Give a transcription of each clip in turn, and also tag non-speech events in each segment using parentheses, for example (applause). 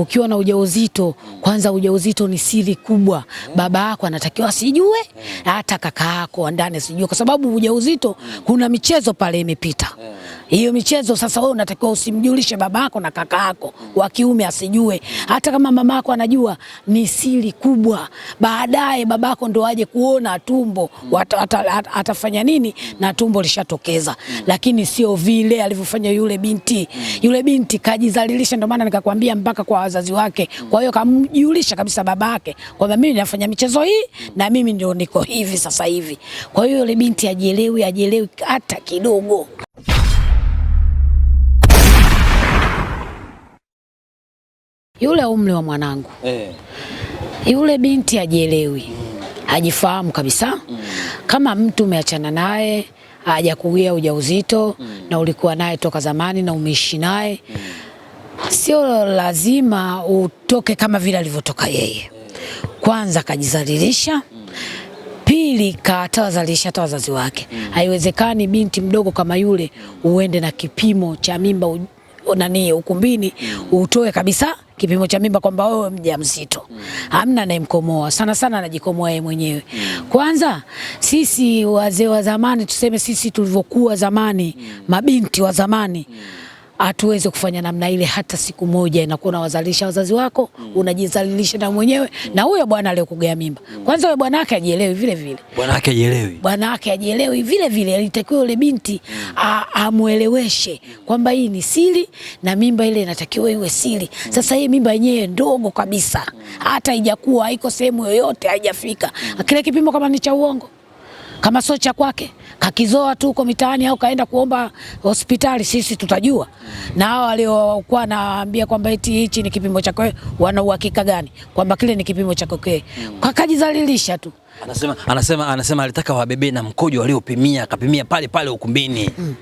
ukiwa na ujauzito, kwanza ujauzito ni siri kubwa, baba yako anatakiwa sijue hata kaka yako ndani asijue, kwa sababu ujauzito kuna michezo pale imepita hiyo michezo sasa, wewe unatakiwa usimjulishe babako na kaka yako wa kiume asijue. Hata kama mamako anajua ni siri kubwa, baadaye babako ndo aje kuona tumbo ata, ata, ata, atafanya nini na tumbo lishatokeza, lakini sio vile alivyofanya yule binti. Yule binti kajizalilisha, ndio maana nikakwambia mpaka kwa wazazi wake. Kwa hiyo kamjulisha kabisa babake kwamba mimi nafanya michezo hii na mimi ndio niko hivi sasa hivi. Kwa hiyo yule binti ajielewi, ajielewi hata kidogo. yule umri wa mwanangu eh. Yule binti ajielewi, ajifahamu kabisa mm. Kama mtu umeachana naye kuwia ujauzito mm. na ulikuwa naye toka zamani na umeishi naye mm. Sio lazima utoke kama vile alivyotoka yeye. Eh. Kwanza kajizalilisha mm. Pili katawazalilisha hata wazazi wake mm. Haiwezekani binti mdogo kama yule uende na kipimo cha mimba nani ukumbini mm. utoe kabisa kipimo cha mimba kwamba wewe mjamzito. Mm. Hamna anayemkomoa sana sana, anajikomoa yeye mwenyewe mm. kwanza. Sisi wazee wa zamani, tuseme sisi tulivyokuwa zamani, mabinti wa zamani hatuwezi kufanya namna ile hata siku moja, inakuwa unawazalisha wazazi wako, mm. unajizalilisha na mwenyewe na huyo bwana aliyokugea mimba. Mm. Kwanza huyo bwana wake ajielewi vile vile, bwana wake ajielewi, bwana wake ajielewi vile vile. Alitakiwa yule binti mm. amueleweshe kwamba hii ni siri na mimba ile inatakiwa iwe siri. Sasa hii mimba yenyewe ndogo kabisa, hata haijakuwa, haiko sehemu yoyote, haijafika kile kipimo, kama ni cha uongo kama sio cha kwake kakizoa tu huko mitaani au kaenda kuomba hospitali, sisi tutajua. Na hao waliokuwa naambia kwamba eti hichi ni kipimo cha kwake, wana uhakika gani kwamba kile ni kipimo cha kwake? Hmm. Kakajizalilisha tu. Anasema, anasema, anasema alitaka wabebe na mkojo waliopimia, akapimia pale pale ukumbini. Mm.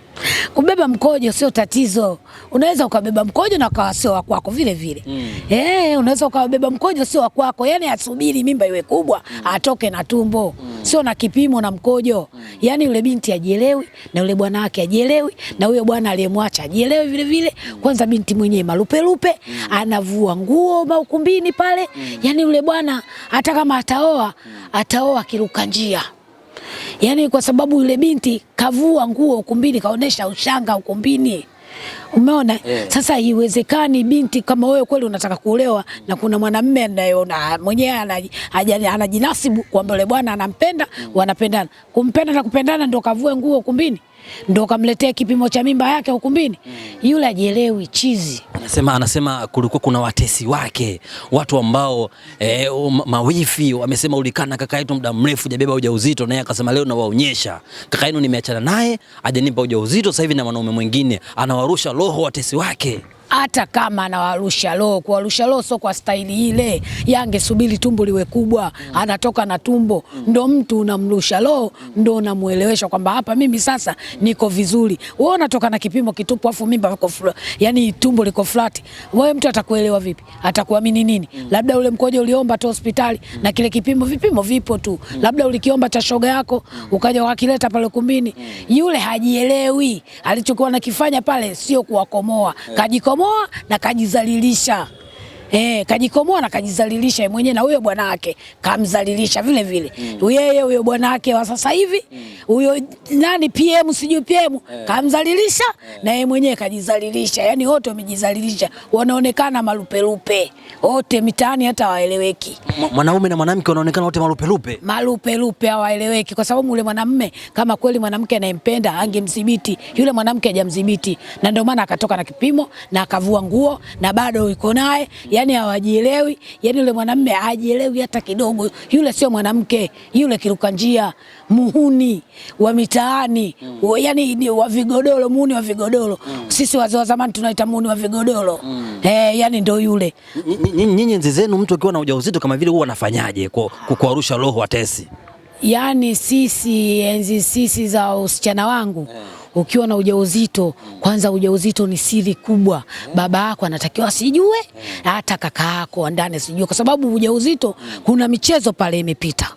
Kubeba mkojo sio tatizo, unaweza ukabeba mkojo na ukawa sio wa vile vile. Mm. Eh, unaweza ukabeba mkojo sio wa yani asubiri mimba iwe kubwa, mm. atoke na tumbo. Mm sio na kipimo na mkojo. Yaani yule binti ajielewi na yule bwana wake ajielewi na huyo bwana aliyemwacha ajielewi vile vile. Kwanza binti mwenyewe malupe lupe, anavua nguo maukumbini pale. Yaani yule bwana hata kama ataoa, ataoa kiruka njia. Yaani kwa sababu yule binti kavua nguo ukumbini, kaonesha ushanga ukumbini. Umeona? Yeah. Sasa haiwezekani binti kama wewe kweli unataka kuolewa na kuna mwanamume anayeona mwenyewe anajinasibu kwamba yule bwana anampenda, mm. wanapendana. Kumpenda na kupendana ndio kavue nguo kumbini ndo kamletea kipimo cha mimba yake ukumbini mm. Yule ajielewi chizi. Anasema, anasema kulikuwa kuna watesi wake watu ambao e, mawifi wamesema ulikana kaka yetu muda mrefu hajabeba ujauzito, naye akasema leo nawaonyesha kaka yenu, nimeachana naye ajanipa ujauzito, sasa hivi na mwanaume mwingine, anawarusha roho watesi wake hata kama anawarusha roho, kuwarusha roho sio kwa staili ile. Yange subiri tumbo liwe kubwa, anatoka na tumbo ndo mtu unamrusha roho, ndo unamuelewesha kwamba hapa mimi sasa niko vizuri. Wewe unatoka na kipimo kitupu, afu mimba yako yani tumbo liko flat, wewe mtu atakuelewa vipi? Atakuamini nini? Labda ule mkojo uliomba tu hospitali na kile kipimo, vipimo vipo tu, labda ulikiomba cha shoga yako ukaja wakileta pale ukumbini, yule hajielewi alichokuwa nakifanya pale, sio kuwakomoa kajiko kukamua na kajizalilisha. Eh, kajikomoa na kajizalilisha yeye mwenyewe na huyo bwana wake kamzalilisha vile vile. Mm. Yeye huyo bwana wake wa sasa hivi mm. huyo mm. nani PM sijui PM e, eh. kamzalilisha e, na yeye mwenyewe kajizalilisha. Yaani wote wamejizalilisha. Wanaonekana malupelupe. Wote mitaani hata waeleweki. Mwanaume na mwanamke wanaonekana wote malupelupe. Malupelupe hawaeleweki kwa sababu yule mwanamume kama kweli mwanamke anayempenda angemdhibiti. Yule mwanamke hajamdhibiti. Na ndio maana akatoka na kipimo na akavua nguo na bado yuko naye. Yaani yani hawajielewi, yani yule mwanamume hajielewi hata kidogo, yule sio mwanamke, yule kiruka njia, muhuni wa mitaani mm. yani wa vigodoro, muhuni wa vigodoro mm. sisi wazee wa zamani tunaita muhuni wa vigodoro mm. eh, yani ndio yule. Nyinyi enzi zenu mtu akiwa na ujauzito kama vile huwa anafanyaje kuarusha roho tesi Yani sisi enzi sisi za usichana wangu yeah ukiwa na ujauzito, kwanza ujauzito ni siri kubwa, baba yako anatakiwa sijue hata kaka yako ndani asijue, kwa sababu ujauzito kuna michezo pale imepita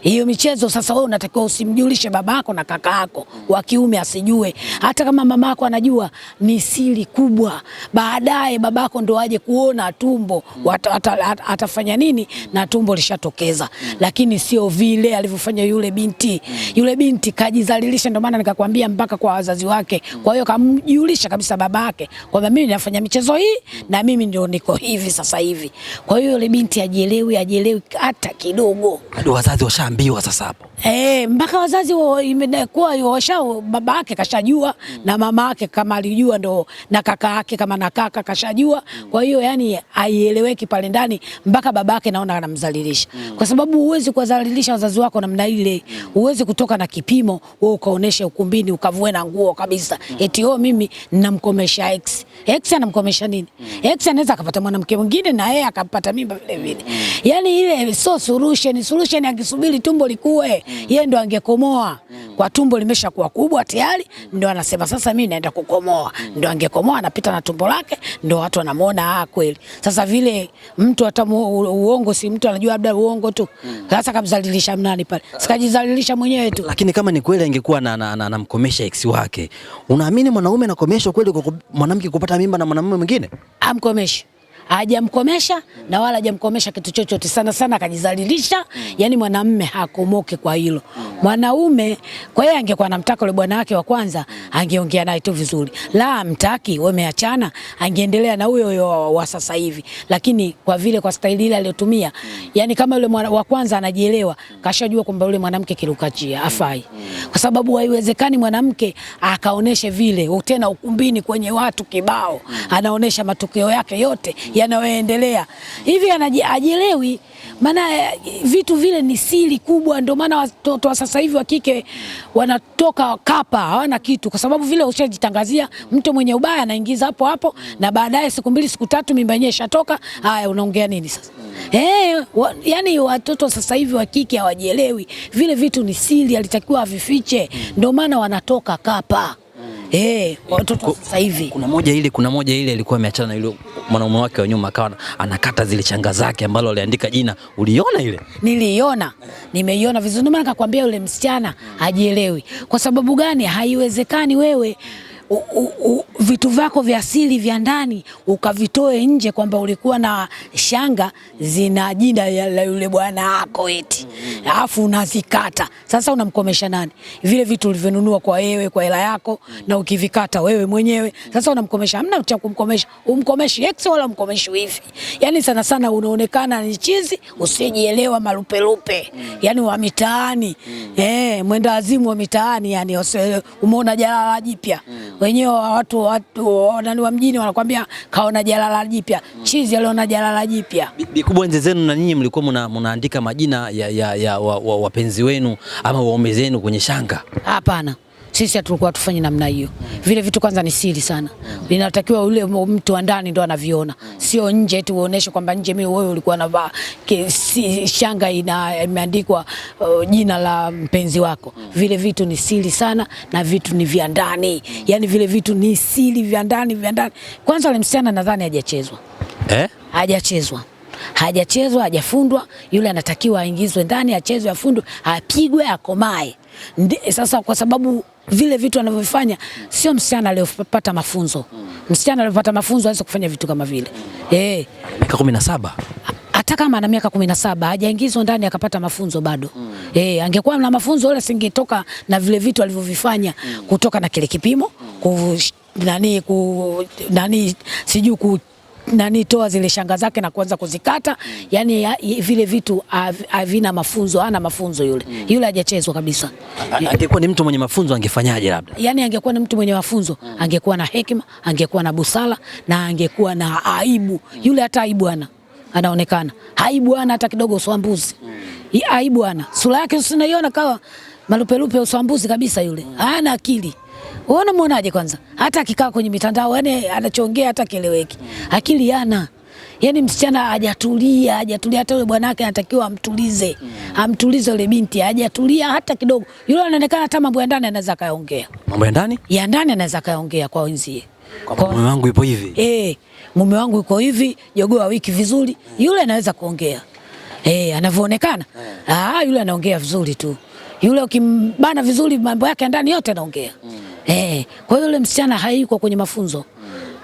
hiyo michezo sasa, wewe unatakiwa usimjulishe babako na kakaako wa kiume asijue. Hata kama mamako anajua, ni siri kubwa. Baadaye babako ndo aje kuona tumbo ata, ata, atafanya nini na tumbo lishatokeza, lakini sio vile alivyofanya yule binti. Yule binti kajizalilisha, ndio maana nikakwambia mpaka kwa wazazi wake. Kwa hiyo kamjulisha kabisa babake kwamba mimi nafanya michezo hii na mimi ndio niko hivi sasa hivi. Kwa hiyo yule binti ajielewi, ajielewi hata kidogo, wazazi washa Kaambiwa sasa hapo eh, mpaka wazazi imekuwa washa, baba yake kashajua mm. na mama yake kama alijua ndo na kaka yake kama na kaka kashajua mm. kwa hiyo yani haieleweki pale ndani, mpaka baba yake naona anamzalilisha mm. kwa sababu huwezi kuwadhalilisha wazazi wako namna ile mm. huwezi kutoka na kipimo wewe ukaonesha ukumbini ukavue na nguo kabisa mm. eti oh, mimi ninamkomesha x x anamkomesha nini mm. x anaweza akapata mwanamke mwingine na yeye akapata mimba vile vile, mm. yani ile so solution. Solution akisubiri ili tumbo likue, mm. yeye ndo angekomoa. Mm. Kwa tumbo limeshakuwa kubwa tayari, mm. ndo anasema sasa mimi naenda kukomoa, ndo angekomoa, anapita na tumbo lake, ndo watu wanamuona ah, kweli. Sasa vile mtu hata uongo, si mtu anajua labda uongo tu. Sasa kamzalilisha mnani pale, uh. sikajizalilisha mwenyewe tu. Lakini kama ni kweli angekuwa anamkomesha ex wake, unaamini mwanaume anakomeshwa kweli kwa mwanamke kupata mimba na mwanamume mwingine? Amkomesha hajamkomesha na wala hajamkomesha kitu chochote, sana sana akajizalilisha. Yani mwanamme hakomoke kwa hilo mwanaume. Kwa hiyo angekuwa anamtaka yule bwana wake wa kwanza, angeongea naye tu vizuri, la mtaki, wameachana, angeendelea na huyo huyo wa sasa hivi. Lakini kwa vile kwa staili ile aliyotumia, yani kama yule wa kwanza anajielewa, kashajua kwamba yule mwanamke kirukachia afai, kwa sababu haiwezekani mwanamke akaoneshe vile tena ukumbini kwenye watu kibao, anaonesha matukio yake yote yanayoendelea hivi, anajielewi maana eh, vitu vile ni siri kubwa. Ndio maana watoto wa sasa hivi wa kike wanatoka kapa, hawana kitu, kwa sababu vile ushajitangazia mtu mwenye ubaya anaingiza hapo hapo, na baadaye siku mbili siku tatu mimba yenyewe ishatoka. Haya, unaongea nini sasa? Hey, eh, wa, yani watoto sasa hivi wa kike hawajielewi, vile vitu ni siri, alitakiwa avifiche, ndio maana wanatoka kapa. Eh, watoto sasa hivi. Kuna moja ile, kuna moja ile ilikuwa ameachana na yule mwanaume wake wa nyuma akawa anakata zile changa zake ambalo aliandika jina. Uliona ile? Niliiona. Nimeiona vizuri. Ndio maana nikakwambia yule msichana hajielewi. Kwa sababu gani? Haiwezekani wewe u, u, vitu vyako vya asili vya ndani ukavitoe nje, kwamba ulikuwa na shanga zina jina la yule bwana wako eti, alafu unazikata. Sasa unamkomesha nani? Vile vitu ulivyonunua kwa wewe kwa hela yako na ukivikata wewe mwenyewe, sasa unamkomesha. Hamna cha kumkomesha, umkomeshi ex wala umkomeshi hivi. Yani sana sana unaonekana ni chizi usijielewa, malupelupe yani wa mitaani eh, mwenda azimu wa mitaani yani, umeona jalala jipya wenyewe watu watu nani wa mjini wanakuambia kaona jalala jipya, mm. chizi aliona jalala jipya. Bikubwa, enzi zenu na nyinyi mlikuwa munaandika majina ya, ya, ya wapenzi wa, wa wenu ama waume zenu kwenye shanga? Hapana sisi hatukuwa tufanye namna hiyo. Vile vitu kwanza ni siri sana, inatakiwa ule mtu wa ndani ndo anaviona, sio nje tu uoneshe kwamba nje, mimi wewe ulikuwa na si, shanga ina imeandikwa uh, jina la mpenzi wako. Vile vitu ni siri sana na vitu ni vya ndani, yani vile vitu ni siri vya ndani vya ndani. Kwanza ile msichana nadhani hajachezwa eh, hajachezwa hajachezwa hajafundwa. Yule anatakiwa aingizwe ndani, achezwe, afundwe, apigwe, akomae. Sasa kwa sababu vile vitu anavyofanya sio msichana aliyopata mafunzo. Msichana aliyopata mafunzo hawezi kufanya vitu kama vile eh. Miaka 17 hata kama ana miaka 17 hajaingizwa ndani akapata mafunzo bado mm. Eh, angekuwa na mafunzo wala singetoka na vile vitu alivyovifanya mm. kutoka na kile kipimo ku nani ku nani sijui ku nani toa zile shanga zake na kuanza kuzikata mm. Yani ya, vile vitu havina mafunzo, hana mafunzo yule mm. Yule hajachezwa kabisa. Angekuwa ni mtu mwenye mafunzo angefanyaje? Labda yani angekuwa ni mtu mwenye mafunzo mm. Angekuwa na hekima, angekuwa na busara na angekuwa na aibu mm. Yule hata aibu ana anaonekana aibu ana hata kidogo, swambuzi mm. Aibu ana sura yake usinaiona kawa malupelupe, uswambuzi kabisa yule mm. Hana akili wewe unamwonaje kwanza? Hata akikaa kwenye mitandao yani anachoongea hata kieleweki. Akili yana. Yaani msichana hajatulia, hajatulia hata yule bwanake anatakiwa amtulize. Amtulize yule binti, hajatulia hata kidogo. Yule anaonekana hata mambo ya ndani anaweza kaongea. Mambo ya ndani? Ya ndani anaweza kaongea kwa wenzie. Kwa kwa mume wangu yupo hivi. Eh, mume wangu yuko hivi, jogoa wiki vizuri. Yule anaweza kuongea. Eh, anavyoonekana. Eh. Ah, yule anaongea vizuri tu. Yule ukimbana vizuri mambo yake ndani yote anaongea. Mm. Eh, kwa hiyo yule msichana haiko kwenye mafunzo,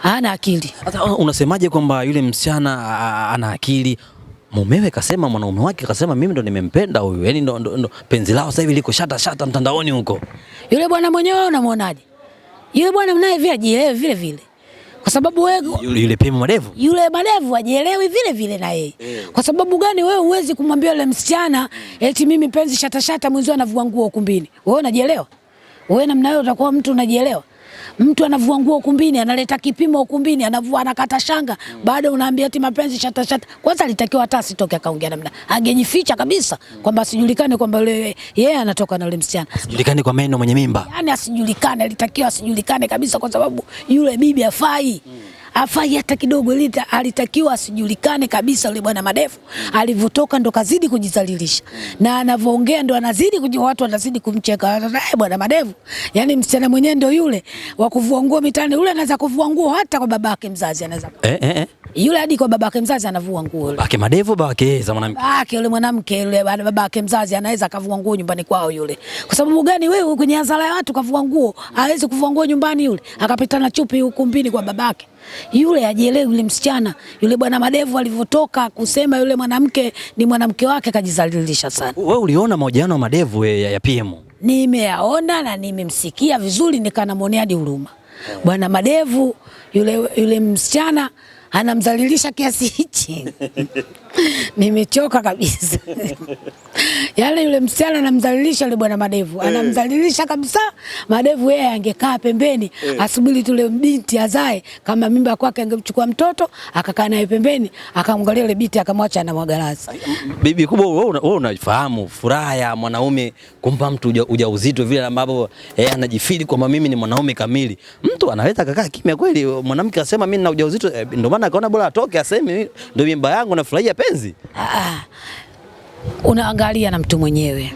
hana akili. Hata ah, unasemaje kwamba yule msichana ana akili? Mumewe kasema, mwanaume wake kasema, mimi ndo nimempenda huyu, yaani ndo, ndo, ndo penzi lao sasa hivi liko shata shata mtandaoni huko. Yule bwana mwenyewe unamwonaje? Yule bwana mnaye vile ajielewe vile vile, kwa sababu wewe yule, yule pemu madevu yule madevu ajielewi vile vile na yeye mm. Kwa sababu gani wewe huwezi kumwambia yule msichana eti mimi penzi shata shata, mwenzio anavua nguo ukumbini, wewe unajielewa? we namna hiyo utakuwa mtu unajielewa? Mtu anavua nguo ukumbini, analeta kipimo ukumbini, anavua anakata shanga, baada unaambia ti mapenzi shata shata. Kwanza alitakiwa hata asitoke akaongea namna, angejificha kabisa kwamba asijulikane kwamba yeye yeah, anatoka na yule msichana, asijulikane kwa meno mwenye mimba, yani asijulikane, alitakiwa asijulikane kabisa, kwa sababu yule bibi afai afai hata kidogo, lita alitakiwa asijulikane kabisa. Yule bwana Madevu alivyotoka ndo kazidi kujizalilisha, na anavyoongea ndo anazidi kujua, watu wanazidi kumcheka bwana Madevu. Yani msichana mwenyewe ndo yule wa kuvua nguo mitaani, yule anaweza kuvua nguo hata kwa babake mzazi anaweza eh, eh, eh. Yule hadi kwa babake mzazi anavua nguo Babake madevu babake za mwanamke. Babake yule mwanamke yule babake mzazi anaweza kavua nguo nyumbani kwao yule. Kwa sababu gani wewe kwenye hadhara ya watu kavua nguo, hawezi kuvua nguo nyumbani yule. akapita na chupi ukumbini kwa babake. Yule ajielewi yule msichana, yule bwana madevu alivyotoka kusema yule mwanamke ni mwanamke wake kajizalilisha sana. Wewe uliona mahojiano ya madevu eh, ya, ya PM? Nimeyaona na nimemsikia vizuri nikanamwonea hadi huruma. Bwana madevu yule yule msichana anamdhalilisha kiasi hichi (laughs) nimechoka kabisa yale yule msichana anamdhalilisha yule bwana Madevu, eh. anamdhalilisha kabisa Madevu. Yeye angekaa pembeni eh. asubiri tule binti azae, kama mimba kwake angemchukua mtoto akakaa naye pembeni akamwangalia yule binti akamwacha na mwagalasi. Bibi kubwa, wewe unafahamu furaha ya mwanaume kumpa mtu ujauzito vile ambavyo yeye anajifili kwamba mimi ni mwanaume kamili. Mtu anaweza akakaa kimya kweli, mwanamke asema mimi nina ujauzito, eh, ndio maana akaona bora atoke aseme ndio mimba yangu nafurahia penzi. Ah. ah unaangalia na mtu mwenyewe,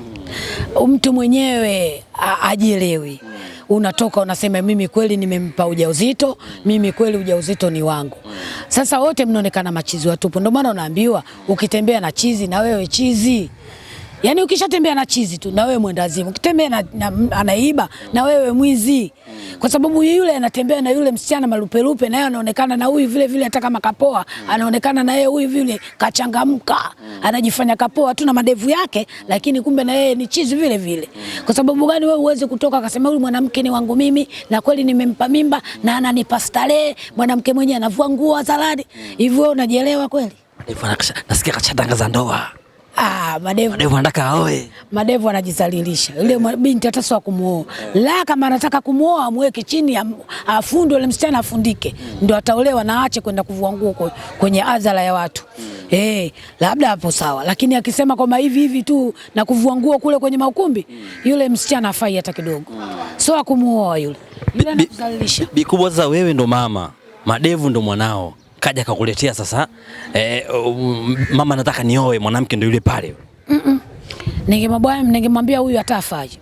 mtu mwenyewe ajielewi unatoka unasema, mimi kweli nimempa ujauzito, mimi kweli ujauzito ni wangu. Sasa wote mnaonekana machizi watupu. Ndio maana unaambiwa ukitembea na chizi na wewe chizi, yani ukishatembea na chizi tu na wewe mwendazimu, ukitembea na, na, anaiba na wewe mwizi kwa sababu yule anatembea na yule msichana malupelupe, naye anaonekana na huyu vile vile, hata kama kapoa anaonekana na yeye huyu vile kachangamka, mm. anajifanya kapoa tu na madevu yake, lakini kumbe na yeye ni chizi vile vile. Mm. Kwa sababu gani wewe uweze kutoka akasema huyu mwanamke ni wangu mimi, na kweli nimempa mimba na ananipa starehe, mwanamke mwenyewe anavua nguo za radi mm. hivyo, unajielewa kweli? Nasikia kachatangaza ndoa Ah, madevu. Madevu anataka aoe. Madevu anajizalilisha. yule binti hata sio kumuoa. La kama anataka kumuoa amweke chini afundwe ile msichana afundike. Ndio ataolewa na aache kwenda kuvua nguo kwenye adhara ya watu. Eh, labda hapo sawa. Lakini akisema kwamba hivi hivi tu na kuvua nguo kule kwenye maukumbi, yule msichana afai hata kidogo. Sio kumuoa yule. Yule anajizalilisha Bikubwa, sasa wewe ndo mama. Madevu ndo mwanao kaja kakuletea sasa eh, mama nataka nioe mwanamke, ndio yule pale. mm -mm. Ningemwambia huyu atafaje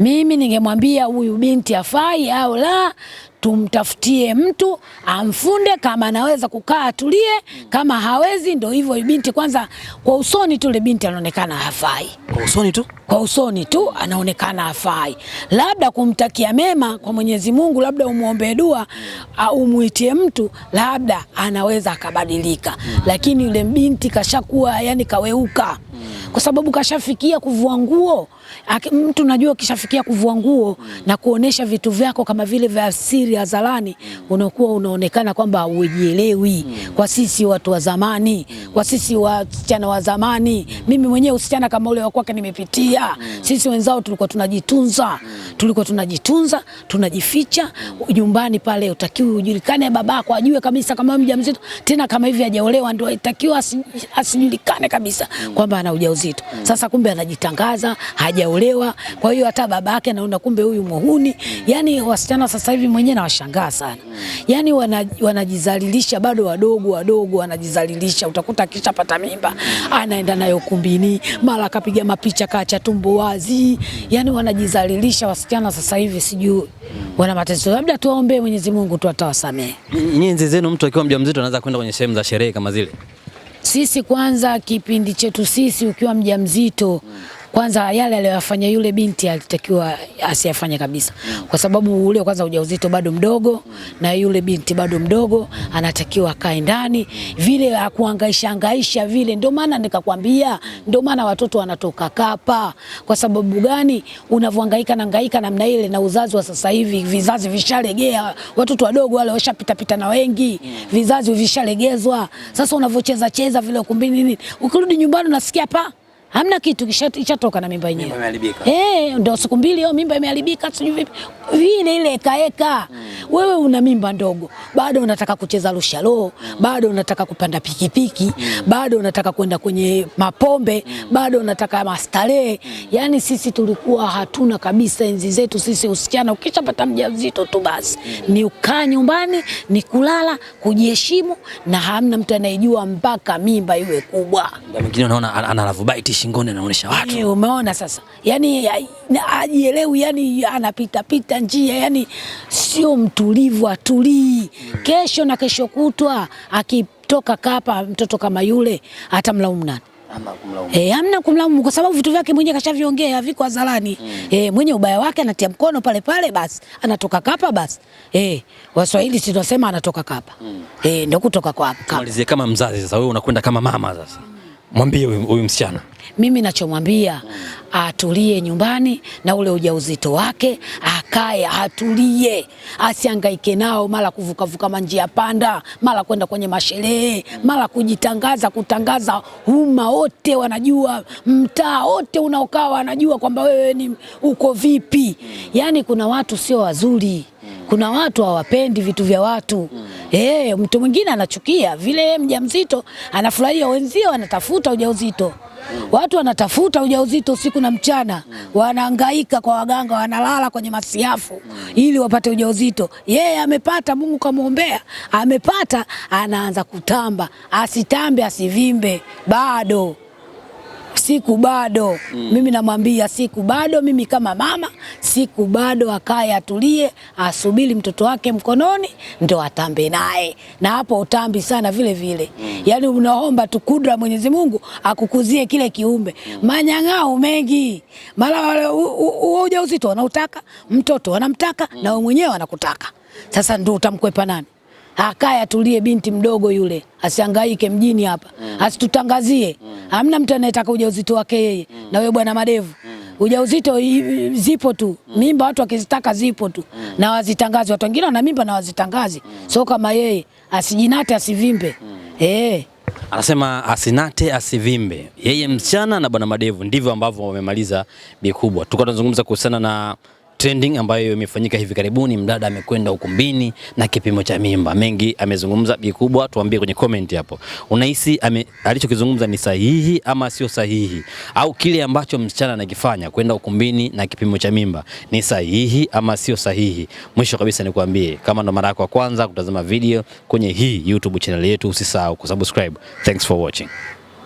mimi ningemwambia huyu binti afai au la, tumtafutie mtu amfunde, kama anaweza kukaa atulie, kama hawezi ndo hivyo. binti kwanza, kwa usoni tu, ile binti anaonekana hafai. Kwa usoni tu, kwa usoni tu anaonekana hafai. Labda kumtakia mema kwa Mwenyezi Mungu, labda umwombe dua au umuitie mtu, labda anaweza akabadilika, hmm. lakini yule binti kashakuwa, yani kaweuka kwa sababu kashafikia kuvua nguo. Mtu najua kishafikia kuvua nguo mm. na kuonesha vitu vyako kama vile vya siri hadharani, mm. unakuwa unaonekana kwamba ujielewi. Mm. Kwa sisi watu wa zamani, kwa sisi wasichana wa zamani, mimi mwenyewe usichana kama ule wa kwake nimepitia. Sisi wenzao tulikuwa tunajitunza, tulikuwa tunajitunza, tunajificha nyumbani pale, utakiwi ujulikane, babako ajue kabisa kama mjamzito, tena kama hivi hajaolewa, ndio itakiwa asijulikane kabisa kwamba ana ujauzito mjamzito. Sasa kumbe anajitangaza hajaolewa, kwa hiyo hata baba yake anaona kumbe huyu muhuni. Yani wasichana sasa hivi mwenyewe nawashangaa sana, yani wanajizalilisha bado wadogo wadogo, wanajizalilisha. Utakuta akishapata mimba anaenda nayo kumbini, mara akapiga mapicha kaacha tumbo wazi, yani wanajizalilisha wasichana sasa hivi, sijui wana matatizo. Labda tuwaombee Mwenyezi Mungu tu atawasamehe. Nyinyi zenu mtu akiwa mjamzito anaweza kwenda kwenye sehemu za sherehe kama zile sisi kwanza, kipindi chetu sisi, ukiwa mjamzito kwanza yale aliyoyafanya yule binti alitakiwa asiyafanye kabisa, kwa sababu ule kwanza ujauzito bado mdogo, na yule binti bado mdogo, anatakiwa akae ndani vile, akuangaisha angaisha vile. Ndio maana nikakwambia, ndio maana watoto wanatoka kapa. Kwa sababu gani? Unavyohangaika na ngaika namna ile, na uzazi wa sasa hivi, vizazi vishalegea, watoto wadogo wale washapita pita na wengi, vizazi vishalegezwa. Sasa unavyocheza cheza vile ukumbini nini, ukirudi nyumbani unasikia pa hamna kitu kishatoka na mimba yenyewe. Mimba imeharibika. Eh, ndio siku mbili hiyo mimba imeharibika sijui vipi. Vile ile kaeka. Mm. Wewe una mimba ndogo. Bado unataka kucheza rushalo, mm. bado unataka kupanda pikipiki, mm. bado unataka kwenda kwenye mapombe, mm. bado unataka mastarehe. Mm. Yaani sisi tulikuwa hatuna kabisa enzi zetu sisi usichana ukishapata mjamzito tu basi. Mm. Ni ukaa nyumbani, ni kulala, kujiheshimu na hamna mtu anayejua mpaka mimba iwe kubwa. Mwingine unaona analavu baitish shingoni anaonesha watu. Yaani, umeona sasa, yani ajielewi, yani anapita pita njia, yani sio mtulivu, atulii. Kesho na kesho kutwa akitoka kapa mtoto kama yule, atamlaumu nani? Eh, hamna kumlaumu kwa sababu vitu vyake mwenyewe kashaviongea viko hadharani. Mm. E, mwenye ubaya wake anatia mkono pale pale basi anatoka kapa basi. E, Waswahili si tunasema anatoka kapa. Mm. E, ndio kutoka kwa kapa. Malizie kama mzazi sasa, wewe unakwenda kama mama sasa. Mwambie huyu msichana mimi nachomwambia atulie nyumbani na ule ujauzito wake, akae atulie, asiangaike nao, mara kuvukavuka manjia panda, mara kwenda kwenye masherehe, mara kujitangaza, kutangaza, umma wote wanajua, mtaa wote unaokaa wanajua kwamba wewe ni uko vipi. Yaani kuna watu sio wazuri, kuna watu hawapendi vitu vya watu. Eh, mtu mwingine anachukia vile yeye mjamzito anafurahia, wenzio wanatafuta ujauzito. Watu wanatafuta ujauzito usiku na mchana, wanahangaika kwa waganga, wanalala kwenye masiafu ili wapate ujauzito. Yeye amepata, Mungu kamwombea, amepata, anaanza kutamba. Asitambe, asivimbe bado siku bado mm. Mimi namwambia siku bado, mimi kama mama, siku bado, akaye atulie, asubiri mtoto wake mkononi ndo atambe naye, na hapo utambi sana vile vile mm. Yani unaomba tu kudra Mwenyezi Mungu akukuzie kile kiumbe mm. Manyang'ao mengi mara wale ujauzito wanautaka, mtoto wanamtaka mm. na wewe mwenyewe anakutaka, sasa ndo utamkwepa nani? Akaya atulie, binti mdogo yule asihangaike mjini hapa mm. asitutangazie mm. hamna mtu anayetaka ujauzito wake yeye mm. na wewe bwana Madevu mm. ujauzito zipo tu mm. mimba watu wakizitaka zipo tu mm. na wazitangazi, watu wengine wana mimba na wazitangazi mm. so kama yeye asijinate asivimbe mm. hey. Eh. Anasema asinate asivimbe, yeye msichana na bwana Madevu. Ndivyo ambavyo wamemaliza bikubwa. Tulikuwa tunazungumza kuhusiana na trending ambayo imefanyika hivi karibuni, mdada amekwenda ukumbini na kipimo cha mimba. Mengi amezungumza kikubwa. tuambie kwenye comment hapo, unahisi alichokizungumza ni sahihi ama sio sahihi, au kile ambacho msichana anakifanya kwenda ukumbini na kipimo cha mimba ni sahihi ama sio sahihi. Mwisho kabisa nikuambie, kama ndo mara yako ya kwanza kutazama video kwenye hii YouTube channel yetu, usisahau kusubscribe. Thanks for watching.